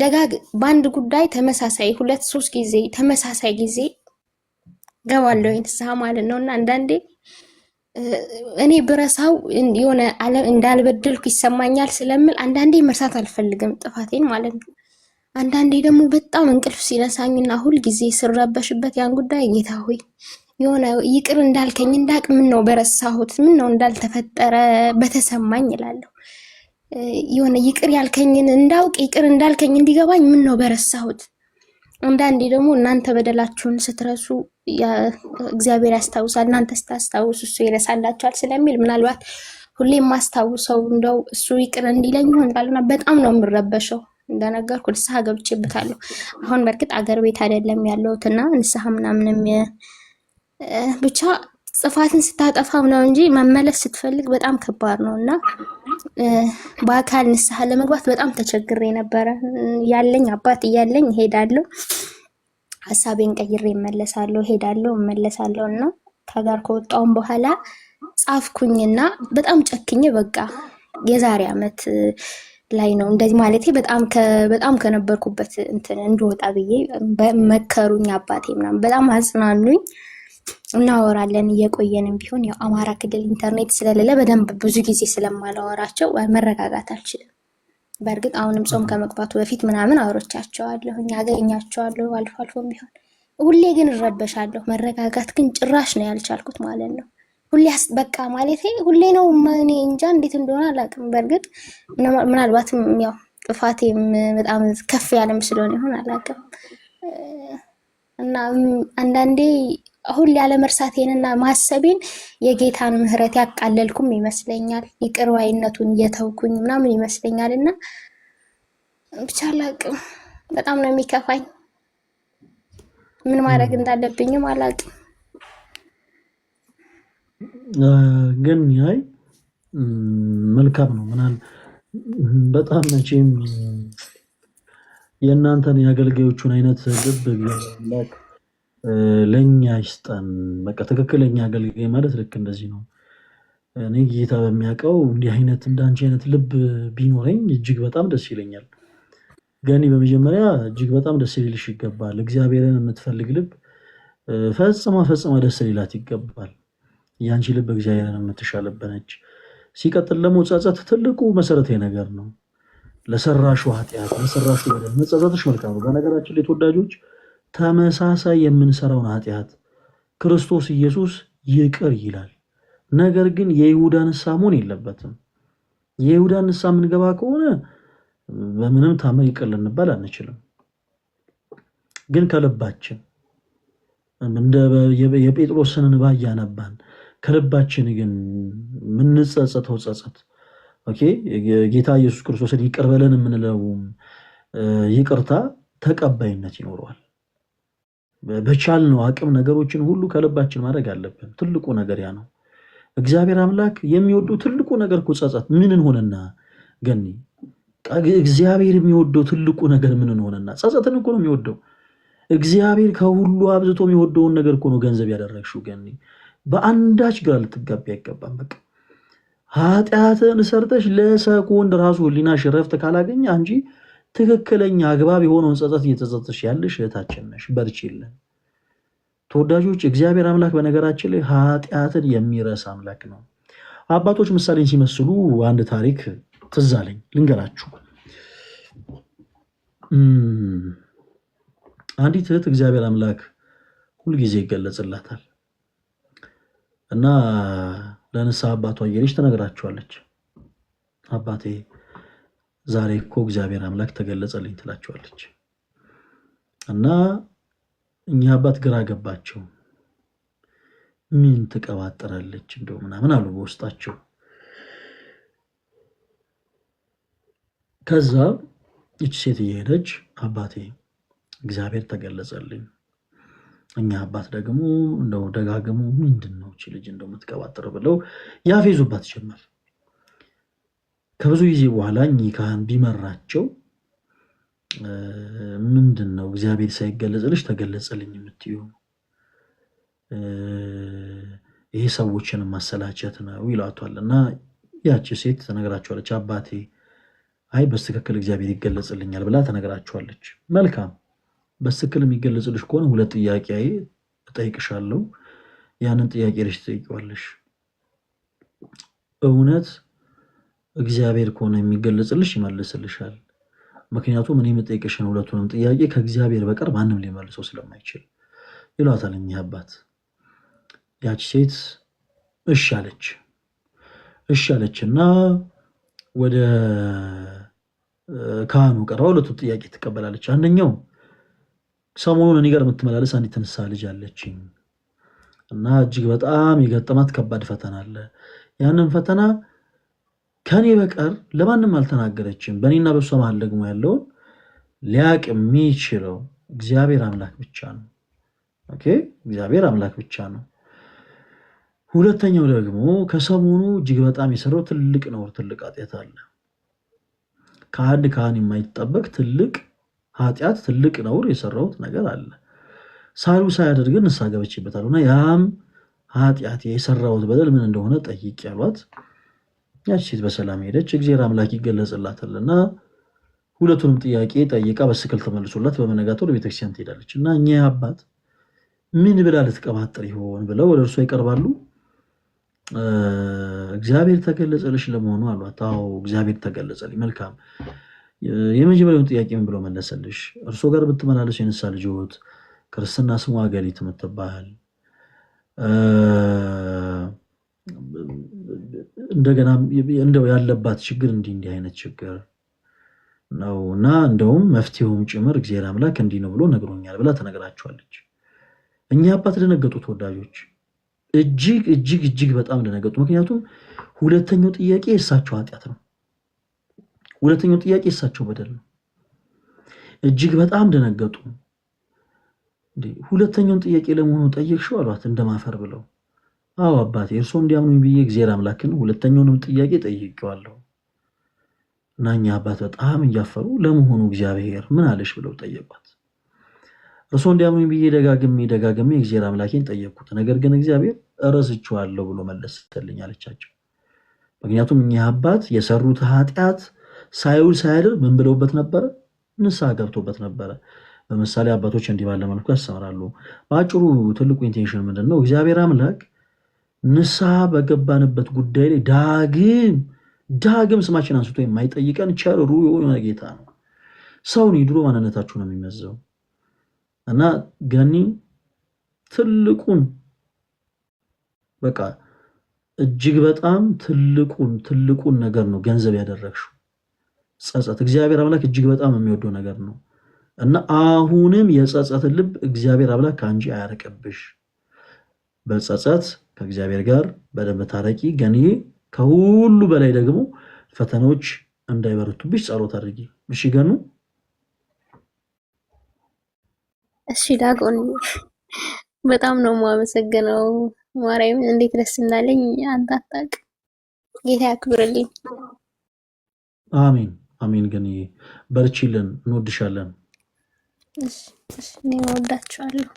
ደጋግ በአንድ ጉዳይ ተመሳሳይ ሁለት ሶስት ጊዜ ተመሳሳይ ጊዜ ገባለሁ ንስሐ ማለት ነው። እና አንዳንዴ እኔ ብረሳው የሆነ እንዳልበደልኩ ይሰማኛል ስለምል አንዳንዴ መርሳት አልፈልግም ጥፋቴን ማለት ነው። አንዳንዴ ደግሞ በጣም እንቅልፍ ሲነሳኝና ሁል ጊዜ ስረበሽበት ያን ጉዳይ ጌታ ሆይ የሆነ ይቅር እንዳልከኝ እንዳቅ ምን ነው በረሳሁት ምን ነው እንዳልተፈጠረ በተሰማኝ ይላለሁ። የሆነ ይቅር ያልከኝን እንዳውቅ ይቅር እንዳልከኝ እንዲገባኝ ምን ነው በረሳሁት። አንዳንዴ ደግሞ እናንተ በደላችሁን ስትረሱ እግዚአብሔር ያስታውሳል፣ እናንተ ስታስታውሱ እሱ ይረሳላችኋል ስለሚል ምናልባት ሁሌም ማስታውሰው እንደው እሱ ይቅር እንዲለኝ ይሆን ባሉና በጣም ነው የምረበሸው። እንደነገርኩ ንስሐ ገብቼበታለሁ። አሁን በእርግጥ አገር ቤት አይደለም ያለሁትና ንስሐ ምናምንም ብቻ ጥፋትን ስታጠፋም ነው እንጂ መመለስ ስትፈልግ በጣም ከባድ ነው እና በአካል ንስሐ ለመግባት በጣም ተቸግሬ ነበረ። ያለኝ አባት እያለኝ እሄዳለሁ፣ ሀሳቤን ቀይሬ እመለሳለሁ፣ እሄዳለሁ፣ እመለሳለሁ እና ከጋር ከወጣውም በኋላ ጻፍኩኝና በጣም ጨክኜ በቃ የዛሬ ዓመት ላይ ነው እንደዚህ ማለት በጣም በጣም ከነበርኩበት እንትን እንድወጣ ብዬ መከሩኝ አባቴ ምናምን በጣም አጽናኑኝ። እናወራለን እየቆየንም ቢሆን ያው አማራ ክልል ኢንተርኔት ስለሌለ በደንብ ብዙ ጊዜ ስለማላወራቸው መረጋጋት አልችልም። በእርግጥ አሁንም ጾም ከመግባቱ በፊት ምናምን አውሮቻቸዋለሁ፣ አገኛቸዋለሁ አልፎ አልፎም ቢሆን። ሁሌ ግን እረበሻለሁ። መረጋጋት ግን ጭራሽ ነው ያልቻልኩት ማለት ነው። ሁሌ በቃ ማለት ሁሌ ነው። እኔ እንጃ እንዴት እንደሆነ አላውቅም። በእርግጥ ምናልባትም ያው ጥፋቴም በጣም ከፍ ያለም ስለሆነ ይሆን አላውቅም እና አንዳንዴ ሁሌ ያለመርሳቴንና ማሰቤን የጌታን ምሕረት ያቃለልኩም ይመስለኛል። ይቅር ባይነቱን እየተውኩኝ ምናምን ይመስለኛል። እና ብቻ አላቅም፣ በጣም ነው የሚከፋኝ። ምን ማድረግ እንዳለብኝም አላቅም። ግን ያይ መልካም ነው ምናል በጣም መቼም የእናንተን የአገልጋዮቹን አይነት ልብ ቢሆን ለእኛ ይስጠን። በቃ ትክክለኛ አገልጋይ ማለት ልክ እንደዚህ ነው። እኔ ጌታ በሚያውቀው እንዲህ አይነት እንደ አንቺ አይነት ልብ ቢኖረኝ እጅግ በጣም ደስ ይለኛል። ገኒ በመጀመሪያ እጅግ በጣም ደስ ሊልሽ ይገባል። እግዚአብሔርን የምትፈልግ ልብ ፈጽማ ፈጽማ ደስ ሊላት ይገባል። ያንቺ ልብ እግዚአብሔርን የምትሻለብ ሲቀጥል ደግሞ ጸጸት ትልቁ መሰረታዊ ነገር ነው። ለሰራሹ ኃጢአት፣ ለሰራሹ በደል መጸጸትሽ መልካም ነው። በነገራችን ላይ ተወዳጆች ተመሳሳይ የምንሰራውን ኃጢአት ክርስቶስ ኢየሱስ ይቅር ይላል። ነገር ግን የይሁዳ ንሳ መሆን የለበትም። የይሁዳ ንሳ የምንገባ ከሆነ በምንም ታምር ይቅር ልንባል አንችልም። ግን ከልባችን የጴጥሮስን እንባ እያነባን ከልባችን ግን የምንጸጸተው ጸጸት ጌታ ኢየሱስ ክርስቶስን ይቅር በለን የምንለው ይቅርታ ተቀባይነት ይኖረዋል። በቻልነው አቅም ነገሮችን ሁሉ ከልባችን ማድረግ አለብን። ትልቁ ነገር ያ ነው። እግዚአብሔር አምላክ የሚወደው ትልቁ ነገር እኮ ጸጸት ምንን ሆነና ገኒ፣ እግዚአብሔር የሚወደው ትልቁ ነገር ምንን ሆነና? ጸጸትን እኮ ነው የሚወደው እግዚአብሔር። ከሁሉ አብዝቶ የሚወደውን ነገር እኮ ነው ገንዘብ ያደረግሽው ገኒ። በአንዳች ግራ ልትጋቢ አይገባም። በቃ ኃጢአትን ሰርተሽ ለሰኮንድ ራሱ ሊናሽ ረፍት ካላገኘ አንቺ ትክክለኛ አግባብ የሆነውን ጸጸት እየተጸጸሽ ያለሽ እህታችን ነሽ። በርቺልን። ተወዳጆች እግዚአብሔር አምላክ በነገራችን ላይ ኃጢአትን የሚረሳ አምላክ ነው። አባቶች ምሳሌን ሲመስሉ አንድ ታሪክ ትዝ አለኝ ልንገራችሁ። አንዲት እህት እግዚአብሔር አምላክ ሁልጊዜ ይገለጽላታል እና ለንስሐ አባቷ እየሄደች ትነግራችኋለች አባቴ ዛሬ እኮ እግዚአብሔር አምላክ ተገለጸልኝ ትላቸዋለች። እና እኛ አባት ግራ ገባቸው። ምን ትቀባጠራለች እንደው ምናምን አሉ በውስጣቸው። ከዛ እች ሴት እየሄደች አባቴ እግዚአብሔር ተገለጸልኝ፣ እኛ አባት ደግሞ እንደው ደጋግሞ ምንድን ነው ልጅ እንደው የምትቀባጠር ብለው ያፌዙባት ጀመር። ከብዙ ጊዜ በኋላ እኚህ ካህን ቢመራቸው ምንድን ነው እግዚአብሔር ሳይገለጽልሽ ተገለጸልኝ የምትዩ ይሄ ሰዎችን ማሰላቸት ነው ይሏቷል። እና ያቺ ሴት ተነግራቸዋለች፣ አባቴ አይ በስትክክል እግዚአብሔር ይገለጽልኛል ብላ ተነግራቸዋለች። መልካም በስትክክል የሚገለጽልሽ ከሆነ ሁለት ጥያቄ እጠይቅሻለሁ። ያንን ጥያቄ ልሽ ትጠይቂዋለሽ እውነት እግዚአብሔር ከሆነ የሚገለጽልሽ ይመልስልሻል። ምክንያቱም እኔ የምጠይቅሽን ሁለቱንም ጥያቄ ከእግዚአብሔር በቀር ማንም ሊመልሰው ስለማይችል ይሏታል እኚህ አባት። ያች ሴት እሺ አለች። እሺ አለችና ወደ ካህኑ ቀርባ ሁለቱን ጥያቄ ትቀበላለች። አንደኛው ሰሞኑን እኔ ጋር የምትመላለስ አንዲት ንሳ ልጅ አለችኝ እና እጅግ በጣም የገጠማት ከባድ ፈተና አለ። ያንን ፈተና ከኔ በቀር ለማንም አልተናገረችም። በእኔና በእሷ መሃል ደግሞ ያለውን ሊያቅ የሚችለው እግዚአብሔር አምላክ ብቻ ነው። ኦኬ እግዚአብሔር አምላክ ብቻ ነው። ሁለተኛው ደግሞ ከሰሞኑ እጅግ በጣም የሰራው ትልቅ ነውር፣ ትልቅ ኃጢአት አለ። ከአንድ ካህን የማይጠበቅ ትልቅ ኃጢአት፣ ትልቅ ነውር የሰራሁት ነገር አለ። ሳሉ ሳያደርግ ንስሐ ገብቼበታለሁ እና ያም ኃጢአት የሰራሁት በደል ምን እንደሆነ ጠይቅ ያሏት ያች ሴት በሰላም ሄደች። እግዚአብሔር አምላክ ይገለጽላታል እና ሁለቱንም ጥያቄ ጠይቃ በስክል ተመልሶላት በመነጋታው ወደ ቤተክርስቲያን ትሄዳለች እና እኛ አባት ምን ብላ ልትቀባጥር ይሆን ብለው ወደ እርሷ ይቀርባሉ። እግዚአብሔር ተገለጸልሽ ለመሆኑ አሏት። አዎ እግዚአብሔር ተገለጸልኝ። መልካም የመጀመሪያውን ጥያቄ ምን ብሎ መለሰልሽ? እርሶ ጋር ብትመላለሱ የንሳ ልጅት ክርስትና ስሙ አገሪት የምትባል እንደገና እንደው ያለባት ችግር እንዲህ እንዲህ አይነት ችግር ነው እና እንደውም መፍትሄውም ጭምር እግዚአብሔር አምላክ እንዲህ ነው ብሎ ነግሮኛል ብላ ተነግራቸዋለች። እኛ አባት ደነገጡ፣ ተወዳጆች እጅግ እጅግ እጅግ በጣም ደነገጡ። ምክንያቱም ሁለተኛው ጥያቄ የእሳቸው ኃጢአት ነው። ሁለተኛው ጥያቄ የእሳቸው በደል ነው። እጅግ በጣም ደነገጡ። ሁለተኛውን ጥያቄ ለመሆኑ ጠየቅሽው አሏት እንደማፈር ብለው አዎ አባቴ እርስዎ እንዲያምኑኝ ብዬ እግዚአብሔር አምላክን ሁለተኛውንም ጥያቄ ጠይቄዋለሁ። እና እኚህ አባት በጣም እያፈሩ ለመሆኑ እግዚአብሔር ምን አለሽ ብለው ጠየቋት። እርስዎ እንዲያምኑኝ ብዬ ደጋግሜ ደጋግሜ እግዚአብሔር አምላኬን ጠየቅኩት፣ ነገር ግን እግዚአብሔር እረስቼዋለሁ ብሎ መለስተልኝ አለቻቸው። ምክንያቱም እኚህ አባት የሰሩት ኃጢአት ሳይውል ሳያድር ምን ብለውበት ነበረ? ንስሐ ገብቶበት ነበረ። በምሳሌ አባቶች እንዲህ ባለ መልኩ ያስተምራሉ። በአጭሩ ትልቁ ኢንቴንሽን ምንድን ነው? እግዚአብሔር አምላክ ንስሐ በገባንበት ጉዳይ ላይ ዳግም ዳግም ስማችን አንስቶ የማይጠይቀን ቸር ሩሩ የሆነ ጌታ ነው። ሰውን የድሮ ማንነታችሁ ነው የሚመዘው እና ገኒ ትልቁን በቃ እጅግ በጣም ትልቁን ትልቁን ነገር ነው ገንዘብ ያደረግሽው ጸጸት። እግዚአብሔር አምላክ እጅግ በጣም የሚወደው ነገር ነው እና አሁንም የጸጸትን ልብ እግዚአብሔር አምላክ ከአንቺ አያርቅብሽ በጸጸት ከእግዚአብሔር ጋር በደንብ ታረቂ። ገንዬ ከሁሉ በላይ ደግሞ ፈተናዎች እንዳይበረቱብሽ ጸሎት አድርጊ። እሺ ገኑ። እሺ ዳጎን፣ በጣም ነው የማመሰግነው። ማርያምን እንዴት ደስ እንዳለኝ አንተ አታውቅም። ጌታ ያክብርልኝ። አሜን አሜን። ገንዬ በርቺልን፣ እንወድሻለን። እሺ እሺ፣ እኔ እወዳችኋለሁ።